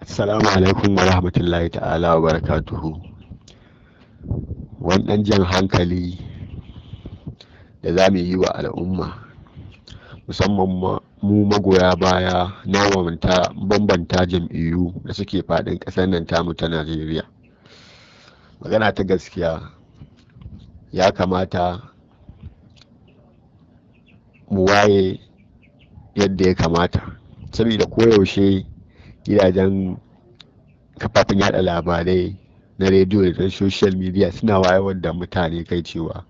Assalamu alaikum wa rahmatullahi ta'ala wa barakatuhu. Wani ɗan jan hankali da za mu yi wa al'umma, musamman mu magoya baya na bambanta jam'iyyu da suke faɗin ƙasar nan tamu ta Najeriya. Magana ta gaskiya ya kamata mu waye yadda ya kamata, saboda koyaushe gidajen kafafen yada labarai na rediyo da social media suna wayewar da mutane kai cewa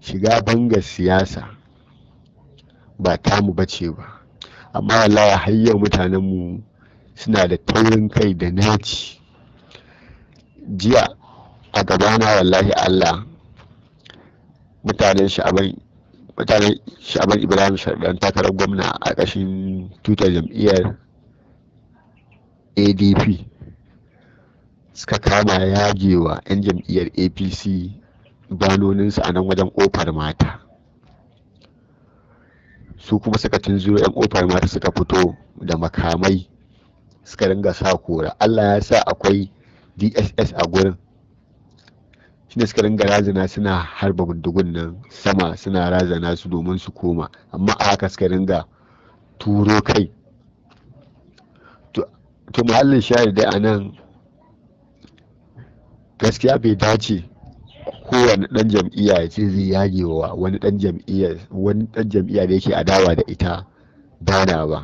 shiga bangar siyasa ba tamu bace ba amma wallahi har mutanenmu suna da taurin kai da naci jiya a gabana wallahi allah mutanen sha'aban ibrahim sharɗan takarar gwamna a ƙashin tutar jam'iyyar adp suka kama yagewa 'yan jam'iyyar apc banoninsu a nan wajen ƙofar mata su kuma suka tunzuro 'yan kofar mata suka fito da makamai suka ringa sa kora allah ya sa akwai dss a gurin shine suka ringa razana suna harba bindigun nan sama suna razana su domin su koma amma a haka suka ringa turo kai to muhallin shahid dai a nan gaskiya bai dace kowane dan jam'iyya ya ce zai yage wa wani dan jam'iyya wani dan jam'iyya da yake adawa da ita dana ba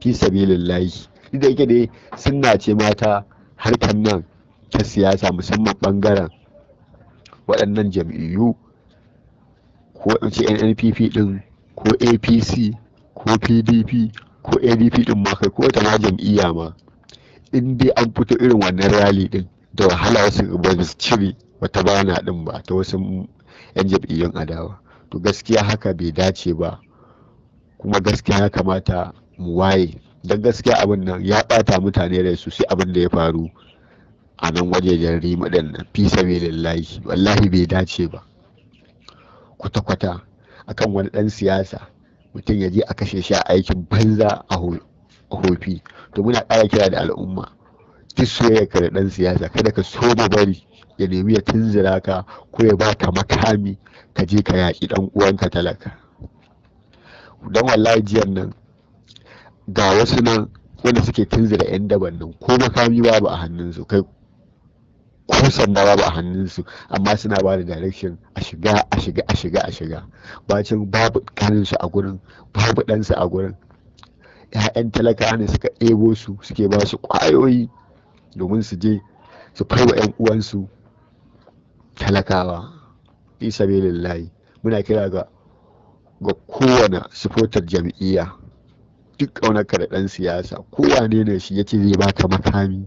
fi sabilillahi da yake dai sunna ce mata harkar nan ta siyasa musamman bangaren waɗannan jam'iyyu ko in ce nnpp din ko apc ko pdp ko adp din ma kai ko ta ma jam'iyya ma in dai an fito irin wannan rali din da wahala wasu ba su cire wata bana din ba ta wasu yan jam'iyyun adawa to gaskiya haka bai dace ba kuma gaskiya ya kamata mu waye don gaskiya abin nan ya bata mutane rai, su sai abin da ya faru a nan wajejen rima din nan fi lallahi, wallahi bai dace ba kwata-kwata akan wani dan siyasa mutum ya je a kashe shi a aikin banza a hulu kofi to muna ƙara kira da al'umma duk soyayya ka da ɗan siyasa kada ka so bari ya nemi ya tunzura ka ko ya baka makami ka je ka yaƙi ɗan uwanka talaka don wallahi jiyan nan ga wasu nan wanda suke tunzura 'yan daban nan ko makami babu a hannunsu kai ko sanda babu a hannunsu amma suna ba da direction a shiga a shiga a shiga a shiga bacin babu kaninsu a gurin babu ɗansu a gurin 'ya'yan talaka ne suka ɗebo su suke ba su ƙwayoyi domin su je su faiwa 'yan uwansu talakawa Isa sabilillahi muna kira ga ga kowane sifotar jam'iyya duk ƙaunarka da ɗan siyasa kowane ne shi ya ce zai baka makami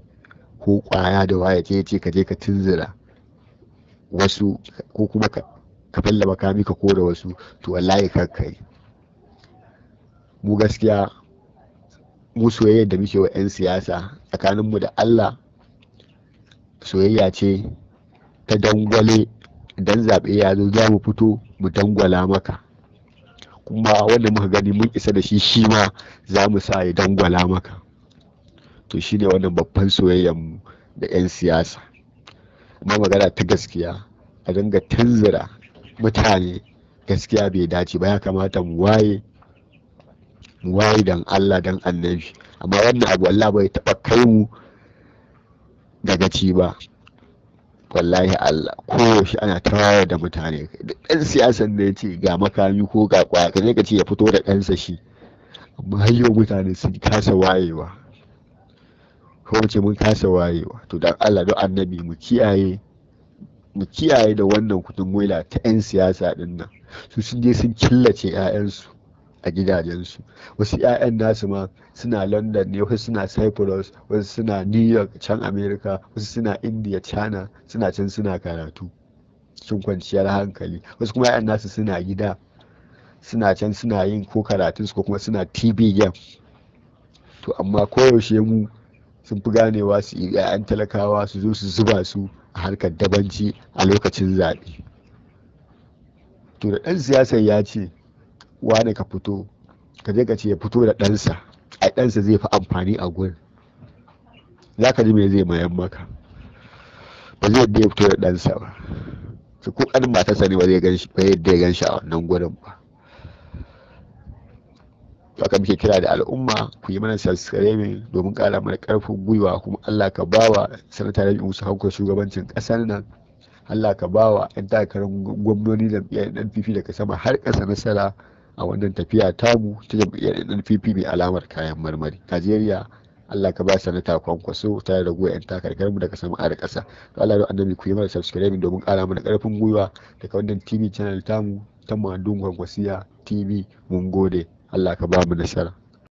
ko ƙwaya da waya ce ce ka je ka tunzura wasu ko kuma ka falla makami ka kora wasu to wallahi kakkai mu gaskiya mu soyayyar da muke wa 'yan siyasa tsakaninmu da allah soyayya ce ta dangwale don zaɓe ya zo za mu fito mu dangwala maka kuma wanda muka gani mun isa da shi shi ma za mu sa ya dangwala maka to shi ne wannan babban soyayyar mu da 'yan siyasa amma magana ta gaskiya a dinga tunzura mutane gaskiya bai dace ba ya kamata mu waye wai dan Allah dan annabi amma wannan abu Allah bai taba kai mu daga ci ba wallahi Allah shi ana tawaye da mutane dan siyasan da ya ga makami ko ga kwaya ka ka ce ya fito da ɗansa shi amma hayyar mutane sun kasa wayewa ko ce mun kasa wayewa to dan Allah don annabi mu kiyaye mu kiyaye da wannan kudin ta 'yan siyasa din su sun je sun killace 'ya'yansu a gidajensu wasu 'ya'yan nasu ma suna london ne wasu suna cyprus wasu suna new york can america wasu suna india china suna can suna karatu sun kwanciyar hankali wasu kuma 'ya'yan nasu suna gida suna can suna yin ko karatunsu ko kuma suna tv game to amma koyaushe mu sun fi ganewa su yi 'ya'yan talakawa su zo su zuba su a harkar dabanci a lokacin zaɓe to da ɗan siyasar ya ce wane ka fito ka je ka ce ya fito da ɗansa a ɗansa zai fi amfani a gurin za ka ji me zai mayan maka ba zai yadda fito da ɗansa ba su ko ƙanin matarsa ne ba zai yadda ya gan a wannan gurin ba haka muke kira da al'umma ku yi mana mai domin ƙara mana ƙarfin gwiwa kuma Allah ka bawa sanata da Musa Hauka shugabancin ƙasar nan Allah ka bawa 'yan takarar gwamnoni da 'yan fifi daga sama har ƙasa nasara a wannan tafiya tamu ta jam'iyyar NPP mai alamar kayan marmari Najeriya Allah ka ba sanata kwankwaso tare da yan takarkar mu daga sama a da ƙasa to Allah don annabi ku yi mana subscribe domin ƙara mana ƙarfin gwiwa daga wannan TV channel tamu ta Mandun Kwankwasiya TV mun gode Allah ka ba mu nasara